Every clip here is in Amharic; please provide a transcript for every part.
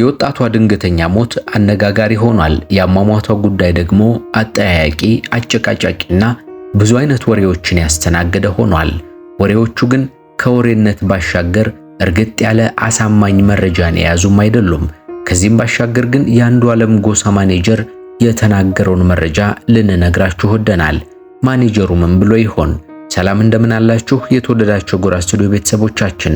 የወጣቷ ድንገተኛ ሞት አነጋጋሪ ሆኗል። የአሟሟቷ ጉዳይ ደግሞ አጠያያቂ፣ አጨቃጫቂና ብዙ አይነት ወሬዎችን ያስተናገደ ሆኗል። ወሬዎቹ ግን ከወሬነት ባሻገር እርግጥ ያለ አሳማኝ መረጃን የያዙም አይደሉም። ከዚህም ባሻገር ግን የአንዱ ዓለም ጎሳ ማኔጀር የተናገረውን መረጃ ልንነግራችሁ ወደናል። ማኔጀሩ ምን ብሎ ይሆን? ሰላም እንደምን አላችሁ የተወደዳችሁ ጎራ ስቱዲዮ ቤተሰቦቻችን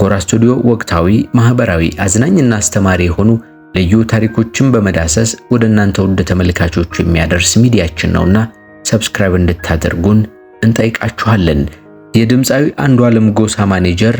ጎራ ስቱዲዮ ወቅታዊ፣ ማህበራዊ፣ አዝናኝና አስተማሪ የሆኑ ልዩ ታሪኮችን በመዳሰስ ወደ እናንተ ውድ ተመልካቾች የሚያደርስ ሚዲያችን ነውና ሰብስክራይብ እንድታደርጉን እንጠይቃችኋለን። የድምፃዊ አንዱ ዓለም ጎሳ ማኔጀር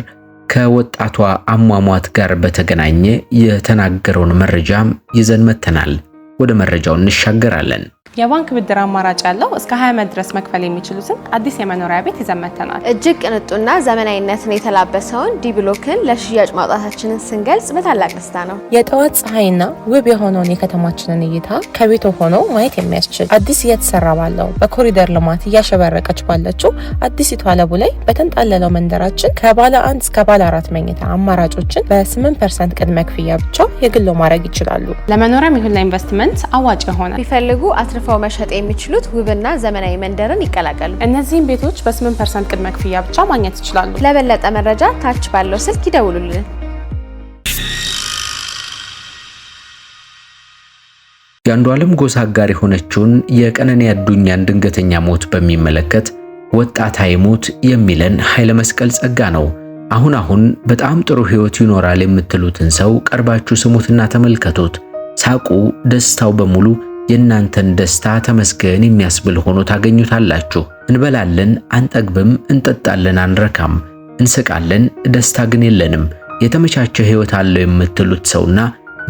ከወጣቷ አሟሟት ጋር በተገናኘ የተናገረውን መረጃም ይዘን መተናል። ወደ መረጃው እንሻገራለን። የባንክ ብድር አማራጭ ያለው እስከ 20 ዓመት ድረስ መክፈል የሚችሉትን አዲስ የመኖሪያ ቤት ይዘመተናል። እጅግ ቅንጡና ዘመናዊነትን የተላበሰውን ዲብሎክን ለሽያጭ ማውጣታችንን ስንገልጽ በታላቅ ደስታ ነው። የጠዋት ፀሐይና ውብ የሆነውን የከተማችንን እይታ ከቤት ሆኖ ማየት የሚያስችል አዲስ እየተሰራ ባለው በኮሪደር ልማት እያሸበረቀች ባለችው አዲስ ይቷለቡ ላይ በተንጣለለው መንደራችን ከባለ አንድ እስከ ባለ አራት መኝታ አማራጮችን በ8 ፐርሰንት ቅድመ ክፍያ ብቻ የግሎ ማድረግ ይችላሉ። ለመኖሪያም ይሁን ለኢንቨስትመንት አዋጭ ይሆናል። ቢፈልጉ አትርፈው መሸጥ የሚችሉት ውብና ዘመናዊ መንደርን ይቀላቀሉ። እነዚህም ቤቶች በ8 ፐርሰንት ቅድመ ክፍያ ብቻ ማግኘት ይችላሉ። ለበለጠ መረጃ ታች ባለው ስልክ ይደውሉልን። የአንዷለም ጎሳ አጋር የሆነችውን የቀነኒ አዱኛን ድንገተኛ ሞት በሚመለከት ወጣት አይሙት የሚለን ኃይለ መስቀል ጸጋ ነው። አሁን አሁን በጣም ጥሩ ህይወት ይኖራል የምትሉትን ሰው ቀርባችሁ ስሙትና ተመልከቱት። ሳቁ፣ ደስታው በሙሉ የእናንተን ደስታ ተመስገን የሚያስብል ሆኖ ታገኙታላችሁ። እንበላለን፣ አንጠግብም፣ እንጠጣለን፣ አንረካም፣ እንስቃለን፣ ደስታ ግን የለንም። የተመቻቸ ሕይወት አለው የምትሉት ሰውና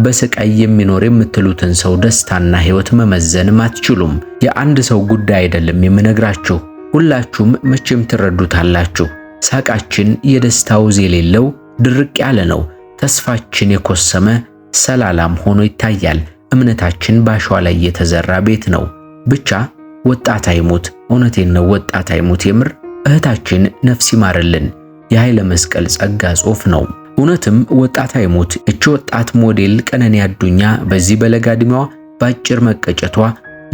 በስቃይ የሚኖር የምትሉትን ሰው ደስታና ሕይወት መመዘንም አትችሉም። የአንድ ሰው ጉዳይ አይደለም የምነግራችሁ፣ ሁላችሁም መቼም ትረዱታላችሁ። ሳቃችን የደስታ ውዝ የሌለው ድርቅ ያለ ነው። ተስፋችን የኮሰመ ሰላላም ሆኖ ይታያል። እምነታችን ባሸዋ ላይ የተዘራ ቤት ነው። ብቻ ወጣት አይሙት፣ እውነቴን ነው ወጣት አይሙት። የምር እህታችን ነፍስ ይማርልን። የኃይለ መስቀል ጸጋ ጽሑፍ ነው። እውነትም ወጣት አይሙት። እቺ ወጣት ሞዴል ቀነኒ አዱኛ በዚህ በለጋ ዕድሜዋ በአጭር መቀጨቷ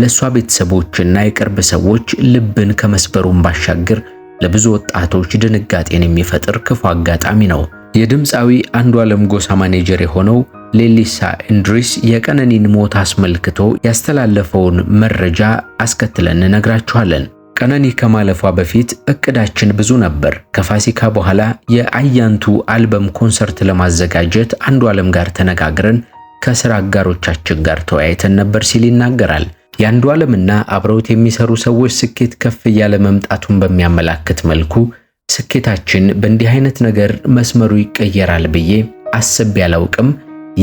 ለእሷ ቤተሰቦችና የቅርብ ሰዎች ልብን ከመስበሩን ባሻገር ለብዙ ወጣቶች ድንጋጤን የሚፈጥር ክፉ አጋጣሚ ነው። የድምፃዊ አንዷለም ጎሳ ማኔጀር የሆነው ሌሊሳ እንድሪስ የቀነኒን ሞት አስመልክቶ ያስተላለፈውን መረጃ አስከትለን እነግራችኋለን። ቀነኒ ከማለፏ በፊት እቅዳችን ብዙ ነበር። ከፋሲካ በኋላ የአያንቱ አልበም ኮንሰርት ለማዘጋጀት አንዷለም ጋር ተነጋግረን ከስራ አጋሮቻችን ጋር ተወያይተን ነበር ሲል ይናገራል። የአንዷለምና አብረውት የሚሰሩ ሰዎች ስኬት ከፍ እያለ መምጣቱን በሚያመላክት መልኩ ስኬታችን በእንዲህ አይነት ነገር መስመሩ ይቀየራል ብዬ አስቤ አላውቅም።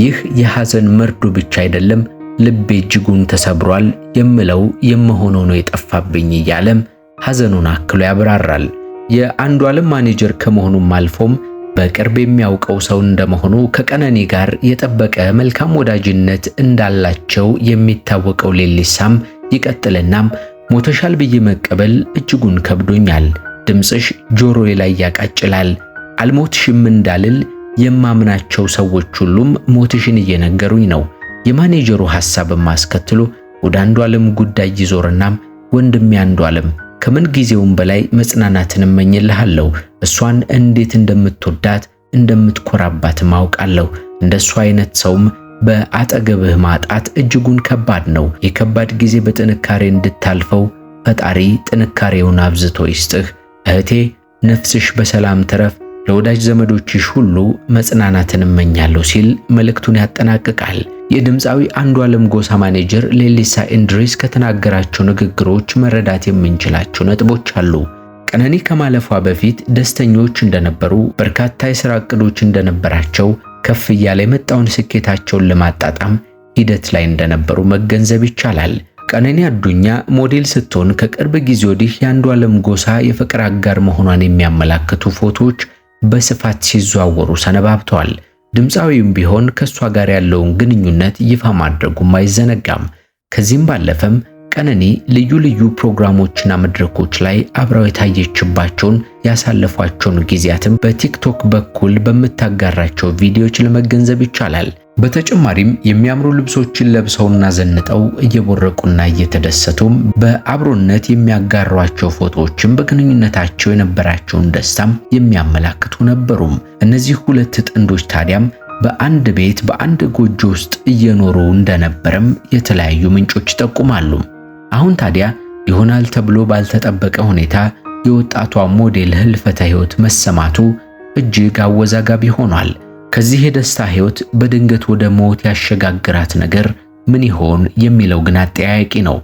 ይህ የሐዘን መርዶ ብቻ አይደለም፣ ልቤ እጅጉን ተሰብሯል። የምለው የመሆነው ነው የጠፋብኝ እያለም ሐዘኑን አክሎ ያብራራል። የአንዱ ዓለም ማኔጀር ከመሆኑም አልፎም በቅርብ የሚያውቀው ሰው እንደመሆኑ ከቀነኒ ጋር የጠበቀ መልካም ወዳጅነት እንዳላቸው የሚታወቀው ሌሊሳም ይቀጥልናም ሞተሻል ብዬ መቀበል እጅጉን ከብዶኛል ድምፅሽ ጆሮዬ ላይ ያቃጭላል። አልሞትሽም እንዳልል የማምናቸው ሰዎች ሁሉም ሞትሽን እየነገሩኝ ነው። የማኔጀሩ ሐሳብ ማስከትሎ ወደ አንዱ ዓለም ጉዳይ ይዞርናም ወንድሜ ዓለም ከምን ጊዜውም በላይ መጽናናትን እመኝልሃለሁ። እሷን እንዴት እንደምትወዳት እንደምትኮራባት ማውቃለሁ። እንደሷ አይነት ሰውም በአጠገብህ ማጣት እጅጉን ከባድ ነው። የከባድ ጊዜ በጥንካሬ እንድታልፈው ፈጣሪ ጥንካሬውን አብዝቶ ይስጥህ። እህቴ ነፍስሽ በሰላም ትረፍ፣ ለወዳጅ ዘመዶችሽ ሁሉ መጽናናትን እመኛለሁ ሲል መልእክቱን ያጠናቅቃል። የድምፃዊ አንዷለም ጎሳ ማኔጀር ሌሊሳ ኢንድሪስ ከተናገራቸው ንግግሮች መረዳት የምንችላቸው ነጥቦች አሉ። ቀነኒ ከማለፏ በፊት ደስተኞች እንደነበሩ፣ በርካታ የሥራ ዕቅዶች እንደነበራቸው፣ ከፍ እያለ የመጣውን ስኬታቸውን ለማጣጣም ሂደት ላይ እንደነበሩ መገንዘብ ይቻላል። ቀነኒ አዱኛ ሞዴል ስትሆን ከቅርብ ጊዜ ወዲህ የአንዷለም ጎሳ የፍቅር አጋር መሆኗን የሚያመላክቱ ፎቶዎች በስፋት ሲዘዋወሩ ሰነባብተዋል። ድምፃዊውም ቢሆን ከእሷ ጋር ያለውን ግንኙነት ይፋ ማድረጉም አይዘነጋም። ከዚህም ባለፈም ቀነኒ ልዩ ልዩ ፕሮግራሞችና መድረኮች ላይ አብራው የታየችባቸውን ያሳለፏቸውን ጊዜያትም በቲክቶክ በኩል በምታጋራቸው ቪዲዮዎች ለመገንዘብ ይቻላል። በተጨማሪም የሚያምሩ ልብሶችን ለብሰውና ዘንጠው እየቦረቁና እየተደሰቱም በአብሮነት የሚያጋሯቸው ፎቶዎችም በግንኙነታቸው የነበራቸውን ደስታም የሚያመላክቱ ነበሩም። እነዚህ ሁለት ጥንዶች ታዲያም በአንድ ቤት በአንድ ጎጆ ውስጥ እየኖሩ እንደነበረም የተለያዩ ምንጮች ይጠቁማሉ። አሁን ታዲያ ይሆናል ተብሎ ባልተጠበቀ ሁኔታ የወጣቷ ሞዴል ህልፈተ ህይወት መሰማቱ እጅግ አወዛጋቢ ሆኗል። ከዚህ የደስታ ህይወት በድንገት ወደ ሞት ያሸጋግራት ነገር ምን ይሆን የሚለው ግን አጠያያቂ ነው።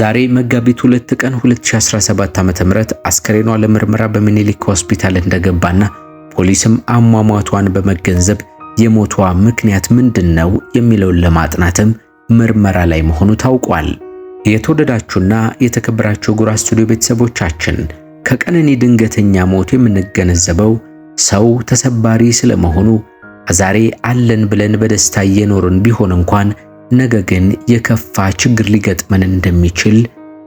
ዛሬ መጋቢት 2 ቀን 2017 ዓ.ም አስከሬኗ ለምርመራ በሚኒሊክ ሆስፒታል እንደገባና ፖሊስም አሟሟቷን በመገንዘብ የሞቷ ምክንያት ምንድነው የሚለውን ለማጥናትም ምርመራ ላይ መሆኑ ታውቋል። የተወደዳችሁና የተከበራችሁ ጎራ ስቱዲዮ ቤተሰቦቻችን ከቀነኒ ድንገተኛ ሞት የምንገነዘበው ሰው ተሰባሪ ስለመሆኑ ዛሬ አለን ብለን በደስታ እየኖርን ቢሆን እንኳን ነገ ግን የከፋ ችግር ሊገጥመን እንደሚችል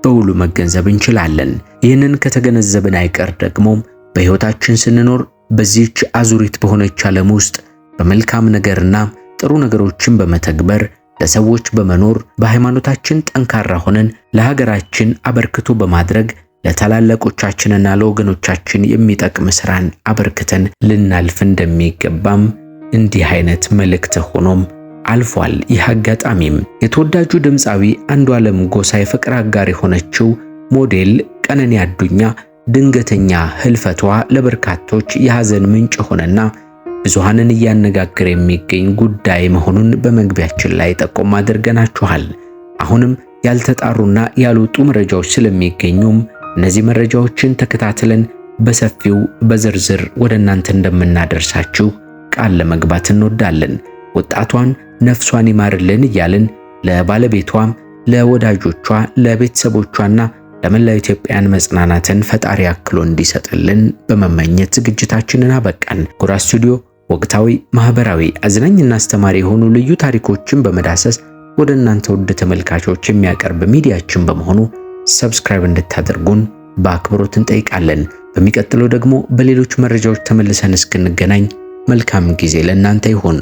በውሉ መገንዘብ እንችላለን። ይህንን ከተገነዘብን አይቀር ደግሞ በሕይወታችን ስንኖር በዚች አዙሪት በሆነች ዓለም ውስጥ በመልካም ነገርና ጥሩ ነገሮችን በመተግበር ለሰዎች በመኖር በሃይማኖታችን ጠንካራ ሆነን ለሀገራችን አበርክቶ በማድረግ ለታላላቆቻችንና ለወገኖቻችን የሚጠቅም ስራን አበርክተን ልናልፍ እንደሚገባም እንዲህ አይነት መልእክት ሆኖም አልፏል። ይህ አጋጣሚም የተወዳጁ ድምፃዊ አንዷለም ጎሳ የፍቅር አጋር የሆነችው ሞዴል ቀነኒ አዱኛ ድንገተኛ ህልፈቷ ለበርካቶች የሐዘን ምንጭ ሆነና ብዙሃንን እያነጋገረ የሚገኝ ጉዳይ መሆኑን በመግቢያችን ላይ ጠቆም አድርገናችኋል። አሁንም ያልተጣሩና ያልወጡ መረጃዎች ስለሚገኙም እነዚህ መረጃዎችን ተከታትለን በሰፊው በዝርዝር ወደ እናንተ እንደምናደርሳችሁ ቃል ለመግባት እንወዳለን። ወጣቷን ነፍሷን ይማርልን እያልን ለባለቤቷ ለወዳጆቿ፣ ለቤተሰቦቿና ለመላው ኢትዮጵያን መጽናናትን ፈጣሪ አክሎ እንዲሰጥልን በመመኘት ዝግጅታችንን አበቃን። ጎራ ስቱዲዮ ወቅታዊ፣ ማህበራዊ፣ አዝናኝና አስተማሪ የሆኑ ልዩ ታሪኮችን በመዳሰስ ወደ እናንተ ውድ ተመልካቾች የሚያቀርብ ሚዲያችን በመሆኑ ሰብስክራይብ እንድታደርጉን በአክብሮት እንጠይቃለን። በሚቀጥለው ደግሞ በሌሎች መረጃዎች ተመልሰን እስክንገናኝ መልካም ጊዜ ለእናንተ ይሁን።